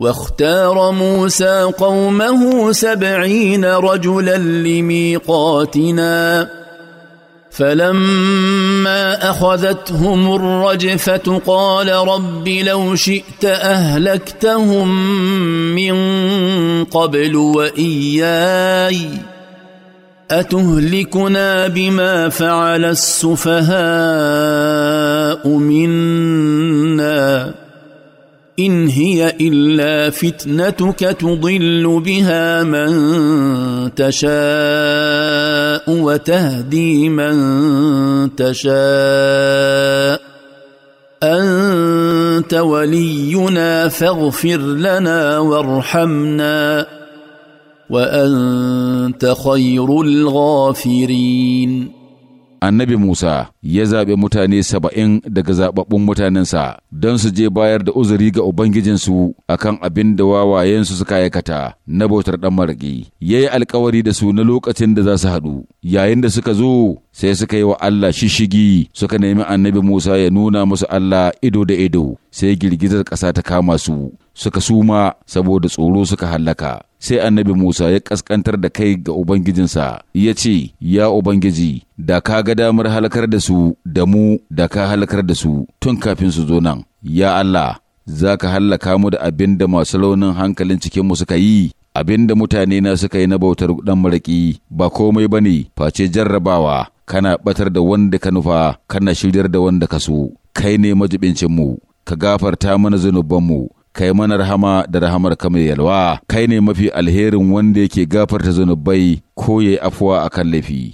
واختار موسى قومه سبعين رجلا لميقاتنا فلما اخذتهم الرجفه قال رب لو شئت اهلكتهم من قبل واياي اتهلكنا بما فعل السفهاء منا ان هي الا فتنتك تضل بها من تشاء وتهدي من تشاء انت ولينا فاغفر لنا وارحمنا وانت خير الغافرين annabi Musa ya zaɓi mutane saba'in daga zaɓaɓɓun mutanensa don su je bayar da uzuri ga Ubangijinsu a kan abin da wawayensu suka aikata na bautar ɗan maraƙi. Ya yi alkawari da su na lokacin da za su haɗu, yayin da suka zo sai suka yi wa Allah shishigi suka nemi annabi Musa ya nuna musu Allah ido da ido, sai girgizar ƙasa ta kama su, suka suma saboda tsoro suka hallaka. sai annabi Musa ya ƙasƙantar da kai ga Ubangijinsa ya ce, Ya Ubangiji, da ka ga damar halakar da su da mu da ka halakar da su tun kafin su zo nan, ya Allah, za ka hallaka mu da abin da masu launin hankalin cikinmu suka yi, abin da mutane na suka yi na bautar ɗan maraƙi ba komai ba ne, face jarrabawa, kana ɓatar da wanda ka nufa, kana shiryar da wanda ka so, kai ne majibincinmu, ka gafarta mana zunubanmu, kai mana rahama da rahamar ka mai yalwa kai ne mafi alherin wanda yake gafarta zunubai ko yayi afuwa akan laifi